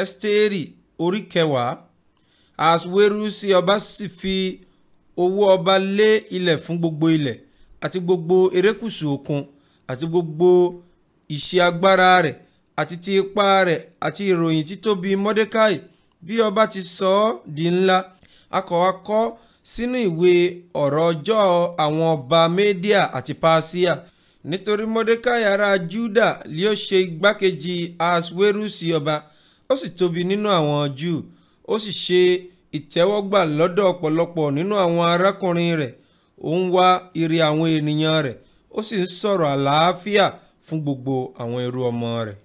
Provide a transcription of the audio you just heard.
ẹ́sítérì orí kẹwàá àsùwérúsì ọba sì fi owó ọba lé ilẹ̀ fún gbogbo ilẹ̀ àti gbogbo erékùṣù òkun àti gbogbo iṣẹ́ agbára rẹ̀ àti ti ipá rẹ̀ àti ìròyìn títóbi mọ́dékáì bí ọba ti sọ ọ́ di ńlá akọ̀wá kọ sínú ìwé ọ̀rọ̀ ọjọ́ àwọn ọba mẹ́díà àti pàṣíà nítorí mọ́dékáì ará júdà ló ṣe igbákejì aswérusi ọba ó sì tóbi nínú àwọn Júù ó sì ṣe ìtẹ́wọ́gbà lọ́dọ̀ ọ̀pọ̀lọpọ̀ nínú àwọn arákùnrin rẹ̀ ó ń wá ire àwọn ènìyàn rẹ̀ ó sì ń sọ̀rọ̀ àlàáfíà fún gbogbo àwọn ẹrú ọmọ rẹ̀.